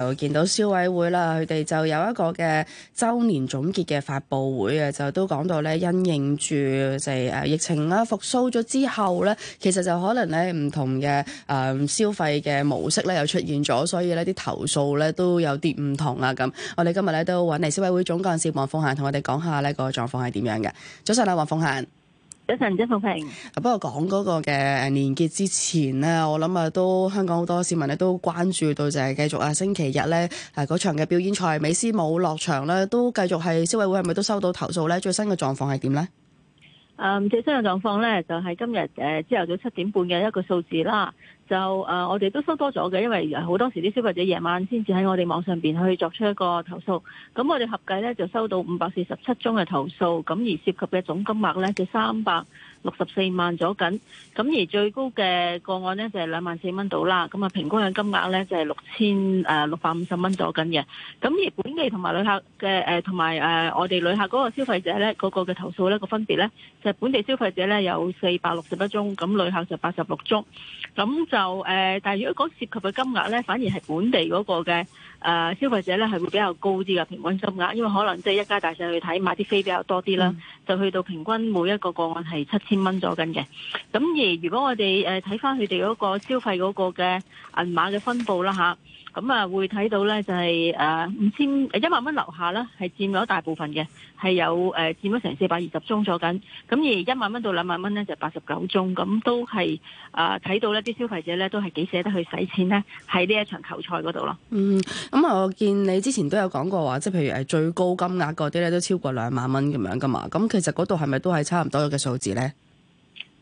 就見到消委會啦，佢哋就有一個嘅周年總結嘅發布會啊，就都講到咧，因應住就係誒疫情啦復甦咗之後咧，其實就可能咧唔同嘅誒、嗯、消費嘅模式咧又出現咗，所以咧啲投訴咧都有啲唔同啊咁。我哋今日咧都揾嚟消委會總幹事黃鳳嫺同我哋講下呢個狀況係點樣嘅。早晨啦黃鳳嫺。早晨，黃鳳嫺，啊。不過講嗰個嘅年結之前咧，我諗啊都香港好多市民咧都關注到，就係繼續啊星期日咧誒嗰場嘅表演賽，美斯冇落場咧，都繼續係消委會係咪都收到投訴咧？最新嘅狀況係點咧？誒、嗯，最新嘅狀況咧就係、是、今日誒朝頭早七點半嘅一個數字啦。就誒、呃，我哋都收多咗嘅，因為好多時啲消費者夜晚先至喺我哋網上邊去作出一個投訴。咁我哋合計咧就收到五百四十七宗嘅投訴。咁而涉及嘅總金額咧就三百。六十四萬左緊，咁而最高嘅個案呢就係兩萬四蚊到啦，咁啊平均嘅金額呢就係六千誒六百五十蚊左緊嘅。咁而本地同埋旅客嘅同埋誒我哋旅客嗰個消費者呢，嗰個嘅投訴呢個分別呢，就係本地消費者呢有四百六十一宗，咁旅客就八十六宗。咁就誒，但係如果講涉及嘅金額呢，反而係本地嗰個嘅誒消費者呢係會比較高啲嘅平均金額，因為可能即係一家大細去睇買啲飛比較多啲啦，嗯、就去到平均每一個個案係七千蚊左近嘅，咁而如果我哋誒睇翻佢哋嗰個消費嗰個嘅銀碼嘅分佈啦吓。咁啊，會睇到咧就係誒五千一萬蚊樓下咧，係佔咗大部分嘅，係有誒佔咗成四百二十宗咗緊。咁而一萬蚊到兩萬蚊咧，就八十九宗，咁都係誒睇到呢啲消費者咧都係幾捨得去使錢咧喺呢一場球賽嗰度咯。嗯，咁啊，我見你之前都有講過話，即係譬如誒最高金額嗰啲咧都超過兩萬蚊咁樣噶嘛。咁其實嗰度係咪都係差唔多嘅數字咧？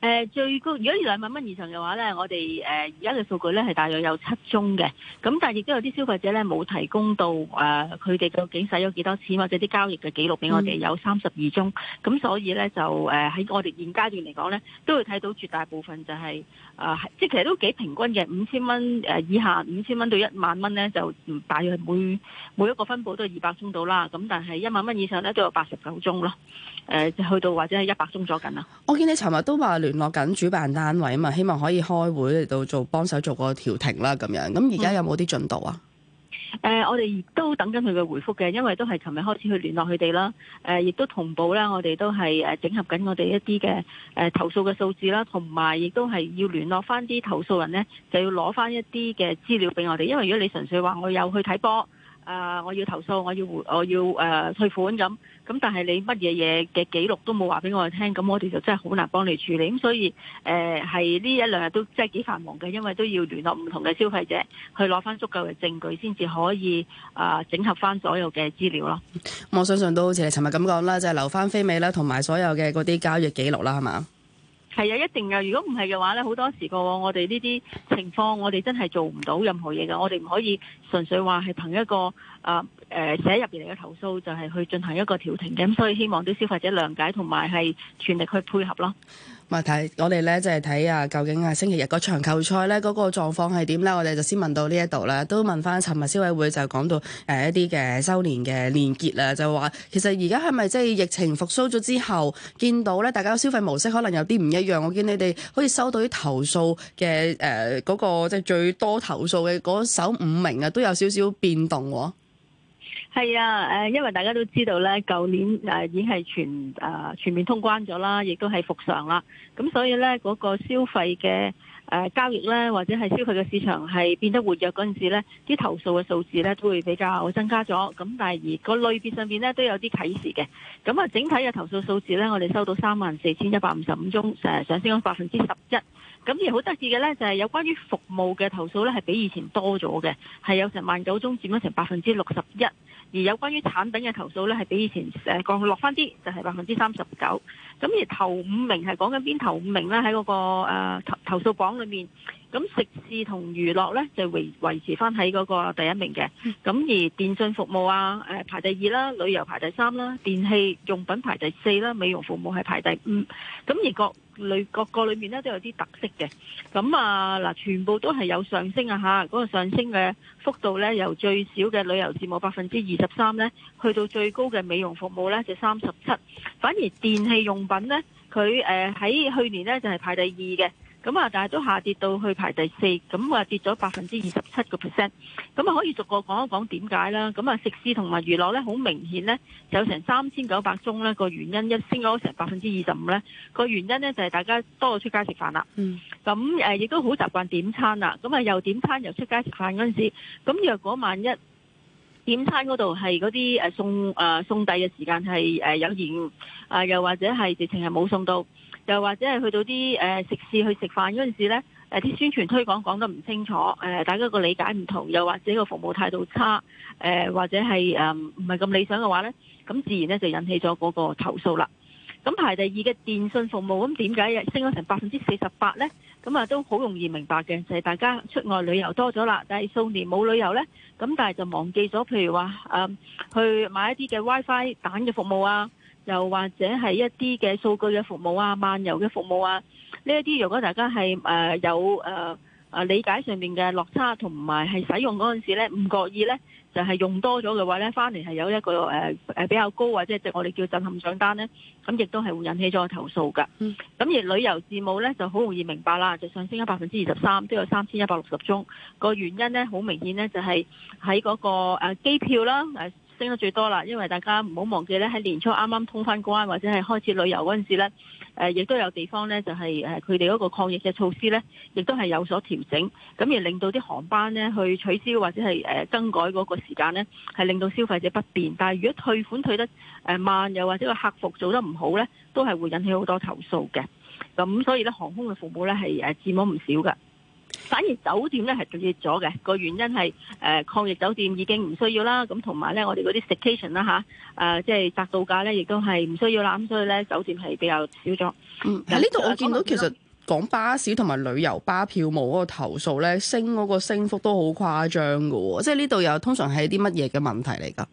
誒最高，如果要二萬蚊以上嘅話咧，我哋誒而家嘅數據咧係大約有七宗嘅，咁但係亦都有啲消費者咧冇提供到誒佢哋究竟使咗幾多錢或者啲交易嘅記錄俾我哋，有三十二宗，咁、嗯、所以咧就誒喺、呃、我哋現階段嚟講咧，都會睇到絕大部分就係、是、誒、呃，即係其實都幾平均嘅五千蚊誒以下，五千蚊到一萬蚊咧就大約每每一個分佈都係二百宗到啦，咁但係一萬蚊以上咧都有八十九宗咯，誒、呃、就去到或者係一百宗左近啊。我見你尋日都話。聯絡緊主辦單位啊嘛，希望可以開會嚟,到做幫手做個調停啦咁樣。咁而家有冇啲進度啊？誒、嗯呃，我哋都等緊佢嘅回覆嘅，因為都係琴日開始去聯絡佢哋啦。誒、呃，亦都同步咧，我哋都係誒整合緊我哋一啲嘅誒投訴嘅數字啦，同埋亦都係要聯絡翻啲投訴人咧，就要攞翻一啲嘅資料俾我哋。因為如果你純粹話我有去睇波，啊！我要投訴，我要我要誒、呃、退款咁咁，但係你乜嘢嘢嘅記錄都冇話俾我哋聽，咁我哋就真係好難幫你處理。咁所以誒係呢一兩日都真係幾繁忙嘅，因為都要聯絡唔同嘅消費者去攞翻足夠嘅證據，先至可以啊、呃、整合翻所有嘅資料咯。我相信都好似你尋日咁講啦，就係、是、留翻飛尾啦，同埋所有嘅嗰啲交易記錄啦，係嘛？係有一定嘅，如果唔係嘅話呢，好多時個我哋呢啲情況，我哋真係做唔到任何嘢嘅，我哋唔可以純粹話係憑一個啊誒寫入邊嚟嘅投訴，就係、是、去進行一個調停嘅，咁所以希望啲消費者諒解同埋係全力去配合咯。咪睇我哋咧，就係睇下究竟啊星期日嗰場球賽咧，嗰、嗰個狀況係點咧？我哋就先問到呢一度啦。都問翻，尋日消委會就講到誒、呃、一啲嘅周年嘅連結啦，就話其實而家係咪即係疫情復甦咗之後，見到咧大家嘅消費模式可能有啲唔一樣。我見你哋可以收到啲投訴嘅誒嗰個即係最多投訴嘅嗰首五名啊，都有少少變動喎、哦。係啊，誒、呃，因為大家都知道咧，舊年誒、呃、已經係全誒、呃、全面通關咗啦，亦都係復常啦。咁所以咧，嗰、那個消費嘅誒交易咧，或者係消費嘅市場係變得活躍嗰陣時咧，啲投訴嘅數字咧都會比較增加咗。咁但係而個類別上邊咧都有啲啟示嘅。咁啊，整體嘅投訴數字咧，我哋收到三萬四千一百五十五宗、呃，上升咗百分之十一。咁而好得意嘅呢，就係、是、有關於服務嘅投訴呢，係比以前多咗嘅，係有成萬九宗佔，佔咗成百分之六十一；而有關於產品嘅投訴呢，係比以前誒、呃、降落翻啲，就係百分之三十九。咁而頭五名係講緊邊頭五名呢？喺嗰、那個、啊、投投訴榜裏面，咁食肆同娛樂呢，就維、維持翻喺嗰個第一名嘅。咁而電信服務啊，誒、排第二啦，旅遊排第三啦，電器用品排第四啦，美容服務係排第五。咁而個里各個裏面咧，都有啲特色嘅。咁啊嗱，全部都係有上升啊嚇，嗰、那個上升嘅幅度咧由最少嘅旅遊節目百分之二十三咧，去到最高嘅美容服務咧就三十七，反而電器用品咧佢誒喺去年咧就係、是、排第二嘅。咁啊，但係都下跌到去排第四，咁啊跌咗百分之二十七個 percent，咁啊可以逐個講一講點解啦？咁啊食肆同埋娛樂咧，好明顯咧就成三千九百宗咧，個原因一升咗成百分之二十五咧，個原因咧就係大家多咗出街食飯啦，嗯，咁誒亦都好習慣點餐啦，咁啊又點餐又出街食飯嗰陣時，咁若果萬一點餐嗰度係嗰啲誒送誒送遞嘅時間係誒有延誤啊，又或者係直情係冇送到。又或者係去到啲誒食肆去食飯嗰陣時呢，啲宣傳推廣講得唔清楚，呃、大家個理解唔同，又或者個服務態度差，誒、呃、或者係誒唔係咁理想嘅話呢，咁自然呢就引起咗嗰個投訴啦。咁排第二嘅電信服務，咁點解升咗成百分之四十八呢？咁啊都好容易明白嘅，就係、是、大家出外旅遊多咗啦，但係數年冇旅遊呢，咁但係就忘記咗，譬如話、呃、去買一啲嘅 WiFi 蛋嘅服務啊。又或者係一啲嘅數據嘅服務啊、漫遊嘅服務啊，呢一啲如果大家係誒有誒理解上面嘅落差，同埋係使用嗰陣時咧，唔覺意咧就係、是、用多咗嘅話咧，翻嚟係有一個誒、呃、比較高或者即係我哋叫震撼帳單咧，咁亦都係會引起咗個投訴噶。咁、嗯、而旅遊事務咧就好容易明白啦，就上升咗百分之二十三，都有三千一百六十宗。個原因咧好明顯咧，就係喺嗰個誒機票啦。升得最多啦，因為大家唔好忘記咧，喺年初啱啱通返關或者係開始旅遊嗰陣時咧，誒亦都有地方咧就係誒佢哋嗰個抗疫嘅措施咧，亦都係有所調整，咁而令到啲航班咧去取消或者係誒更改嗰個時間咧，係令到消費者不便。但係如果退款退得誒慢，又或者個客服做得唔好咧，都係會引起好多投訴嘅。咁所以咧，航空嘅服務咧係誒佔咗唔少噶。反而酒店咧係直接咗嘅，個原因係、呃、抗疫酒店已經唔需要啦，咁同埋咧我哋嗰啲 station 啦吓，即係搭渡假咧亦都係唔需要啦，咁所以咧酒店係比較少咗。嗯，喺呢度我見到其實講巴士同埋旅遊巴票務嗰個投訴咧升嗰個升幅都好誇張㗎喎，即係呢度又通常係啲乜嘢嘅問題嚟㗎？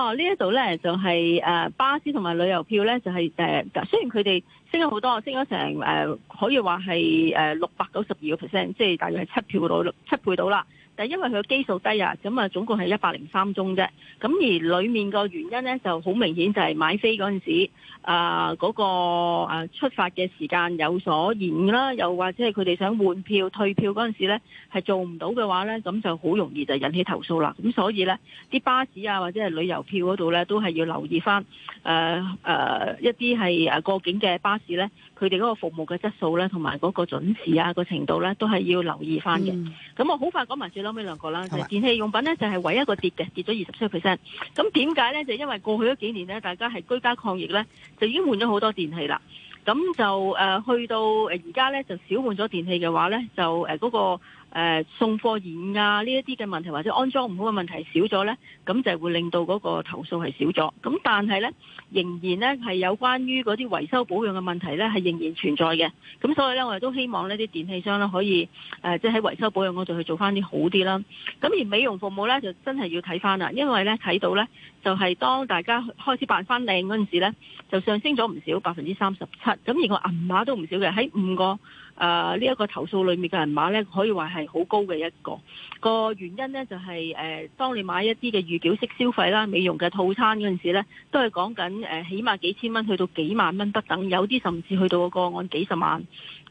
哦，呢一度咧就係、是、誒、呃、巴士同埋旅遊票咧，就係、是、誒、呃、雖然佢哋升咗好多，升咗成誒、呃、可以話係誒六百九十二個 percent，即係大約係七倍到六七倍到啦。就因為佢個基數低啊，咁啊總共係一百零三宗啫。咁而裡面個原因咧就好明顯，就係買飛嗰陣時啊嗰個出發嘅時間有所延誤啦，又或者係佢哋想換票、退票嗰陣時咧係做唔到嘅話咧，咁就好容易就引起投訴啦。咁所以咧，啲巴士啊或者係旅遊票嗰度咧，都係要留意翻誒誒一啲係啊過境嘅巴士咧，佢哋嗰個服務嘅質素咧，同埋嗰個準時啊個程度咧，都係要留意翻嘅。咁、嗯、我好快講埋咁呢兩個啦，就電器用品咧就係唯一一個跌嘅，跌咗二十幾個 percent。咁點解咧？就因為過去嗰幾年咧，大家係居家抗疫咧，就已經換咗好多電器啦。咁就誒，去到誒而家咧，就少換咗電器嘅話咧，就誒嗰個。誒、呃、送貨延啊呢一啲嘅問題，或者安裝唔好嘅問題少咗呢，咁就會會令到嗰個投訴係少咗。咁但係呢，仍然呢係有關於嗰啲維修保養嘅問題呢係仍然存在嘅。咁所以呢，我哋都希望呢啲電器商呢可以誒，即係喺維修保養嗰度去做翻啲好啲啦。咁而美容服務呢，就真係要睇翻啦，因為呢睇到呢，就係、是、當大家開始扮翻靚嗰陣時呢，就上升咗唔少，百分之三十七。咁而個銀碼都唔少嘅喺五個。誒呢一個投訴裏面嘅銀碼呢，可以話係好高嘅一個。一個原因呢、就係，就係誒，當你買一啲嘅預繳式消費啦、美容嘅套餐嗰陣時呢，都係講緊起碼幾千蚊去到幾萬蚊不等，有啲甚至去到個，個案幾十萬，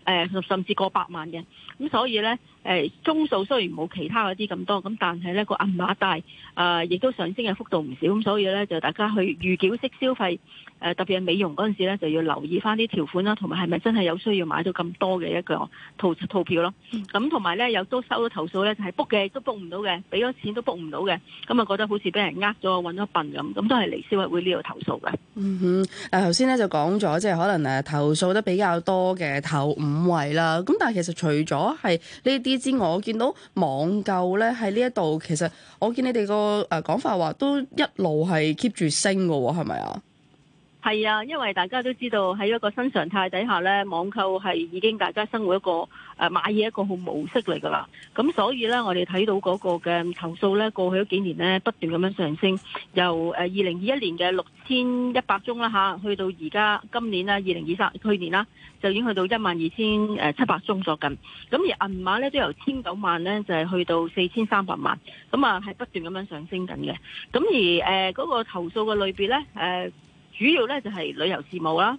呃、甚至過百萬嘅。咁所以呢，誒、呃、宗數雖然冇其他嗰啲咁多，咁但係呢、這個銀碼大，誒、呃、亦都上升嘅幅度唔少。咁所以呢，就大家去預繳式消費。誒特別係美容嗰陣時咧，就要留意翻啲條款啦，同埋係咪真係有需要買到咁多嘅一個套票咯？咁同埋咧，有都收到投訴咧，就係 book 嘅都 book 唔到嘅，俾咗錢都 book 唔到嘅，咁啊覺得好似俾人呃咗，揾咗笨咁，咁都係嚟消委會呢度投訴嘅。嗯哼，誒頭先咧就講咗，即係可能誒投訴得比較多嘅頭五位啦。咁但係其實除咗係呢啲之外，我見到網購咧喺呢一度，其實我見你哋個誒講法話都一路係 keep 住升㗎喎，係咪啊？係啊，因為大家都知道喺一個新常態底下呢，網購係已經大家生活一個誒買嘢一個好模式嚟㗎喇。咁所以呢，我哋睇到嗰個嘅投訴呢，過去嗰幾年呢，不斷咁樣上升，由誒二零二一年嘅六千一百宗啦，吓，啊，去到而家今年啦，二零二三去年啦，就已經去到一萬二千誒七百宗咗緊。咁而銀碼呢，都由千九萬呢，就係去到四千三百萬，咁啊係不斷咁樣上升緊嘅。咁而誒嗰，呃那個投訴嘅類別呢，誒、呃。主要咧就係旅遊事務啦，誒、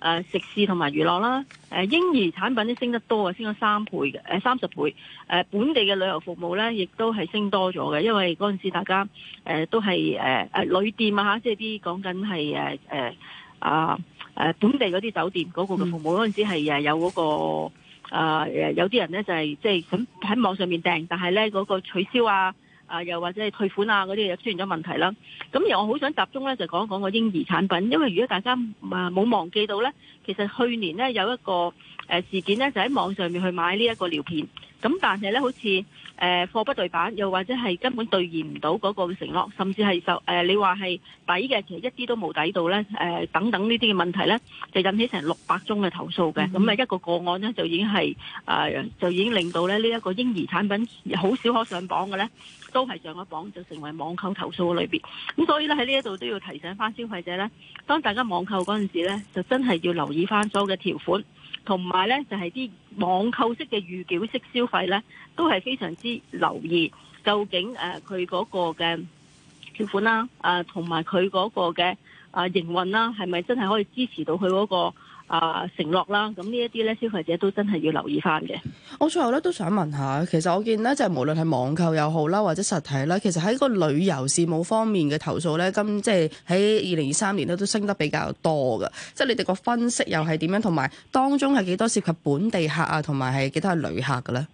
呃、食肆同埋娛樂啦，誒、呃、嬰兒產品咧升得多啊，升咗三倍嘅，誒、呃、三十倍，誒、呃、本地嘅旅遊服務咧亦都係升多咗嘅，因為嗰陣時大家誒、呃、都係誒誒旅店啊嚇，即係啲講緊係誒誒啊誒本地嗰啲酒店嗰個嘅服務，嗰陣、嗯、時係有嗰、個啊、呃、有啲人咧就係即係咁喺網上面訂，但係咧嗰個取消啊。啊，又或者係退款啊嗰啲又出現咗問題啦。咁而我好想集中咧，就講一講個嬰兒產品，因為如果大家啊冇忘記到咧，其實去年咧有一個誒事件咧，就喺、是、網上面去買呢一個尿片。咁但係咧，好似誒、呃、貨不對版，又或者係根本兌現唔到嗰個承諾，甚至係就誒、呃、你話係抵嘅，其實一啲都冇抵到咧。誒、呃、等等呢啲嘅問題咧，就引起成六百宗嘅投訴嘅。咁啊、嗯、一個個案咧，就已經係啊、呃、就已經令到咧呢一個嬰兒產品好少可上榜嘅咧，都係上咗榜就成為網購投訴裏面。咁所以咧喺呢一度都要提醒翻消費者咧，當大家網購嗰陣時咧，就真係要留意翻所有嘅條款。同埋呢，就係啲網購式嘅預繳式消費呢，都係非常之留意究竟誒佢嗰個嘅條款啦，誒同埋佢嗰個嘅誒、呃、營運啦，係咪真係可以支持到佢嗰個啊、呃，承諾啦，咁呢一啲咧，消費者都真係要留意返嘅。我最後咧都想問下，其實我見咧，即係無論係網購又好啦，或者實體啦，其實喺個旅遊事務方面嘅投訴咧，今即係喺二零二三年咧都升得比較多㗎。即係你哋個分析又係點樣？同埋當中係幾多涉及本地客啊？同埋係幾多係旅客嘅咧？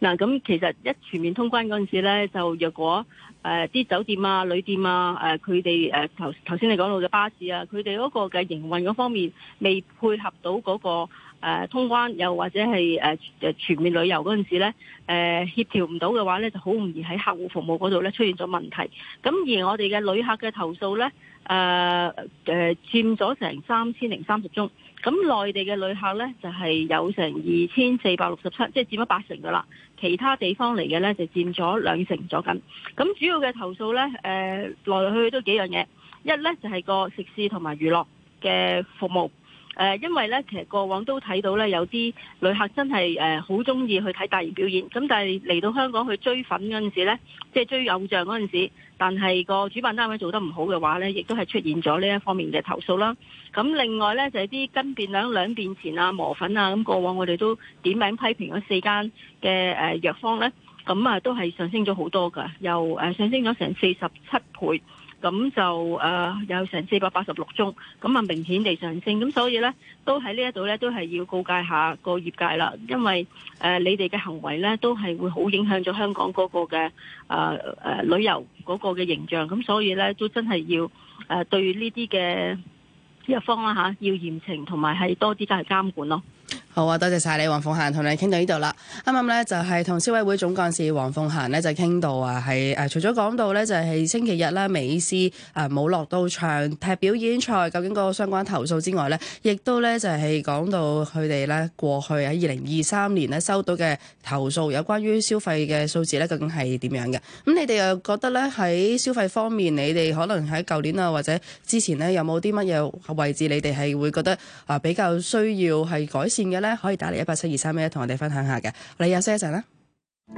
嗱，咁其實一全面通關嗰陣時咧，就若果誒啲、呃、酒店啊、旅店啊、誒佢哋誒頭頭先你講到嘅巴士啊，佢哋嗰個嘅營運嗰方面未配合到嗰、個、呃、通關，又或者係誒誒全面旅遊嗰陣時咧，誒、呃、協調唔到嘅話咧，就好容易喺客戶服務嗰度咧出現咗問題。咁而我哋嘅旅客嘅投訴咧，誒、呃、誒、呃、佔咗成三千零三十宗。咁內地嘅旅客呢，就係、是、有成二千四百六十七，即係佔咗八成噶啦。其他地方嚟嘅呢，就佔咗兩成左右。咁主要嘅投訴呢，誒來來去去都幾樣嘢。一呢，就係、是、個食肆同埋娛樂嘅服務。誒，因為咧，其實過往都睇到咧，有啲旅客真係誒好中意去睇大型表演，咁但係嚟到香港去追粉嗰陣時咧，即係追偶像嗰陣時，但係個主辦單位做得唔好嘅話咧，亦都係出現咗呢一方面嘅投訴啦。咁、嗯、另外咧就係、是、啲斤變兩、兩變錢啊、磨粉啊，咁、嗯、過往我哋都點名批評咗四間嘅誒藥房咧，咁、嗯、啊都係上升咗好多噶，又上升咗成四十七倍。咁就誒、呃、有成四百八十六宗，咁啊明顯地上升，咁所以呢，都喺呢一度呢，都係要告誡下個業界啦，因為誒、呃、你哋嘅行為呢，都係會好影響咗香港嗰個嘅誒、呃呃呃、旅遊嗰個嘅形象，咁所以呢，都真係要誒、呃、對呢啲嘅藥方啦嚇、啊，要嚴懲，同埋係多啲加去監管咯。好啊，多謝晒你，黃鳳嫺，同你傾到呢度啦。啱啱呢就係同消委會總幹事黃鳳嫺呢就傾到啊，係除咗講到呢，就係星期日啦，美斯誒冇落到場踢表演賽，究竟嗰個相關投訴之外呢，亦都呢就係講到佢哋呢過去喺二零二三年呢收到嘅投訴，有關於消費嘅數字呢，究竟係點樣嘅？咁你哋又覺得呢？喺消費方面，你哋可能喺舊年啊或者之前呢，有冇啲乜嘢位置，你哋係會覺得啊比較需要係改善嘅呢？可以打嚟一八七二三一一，同我哋分享下嘅，你休息一陣啦。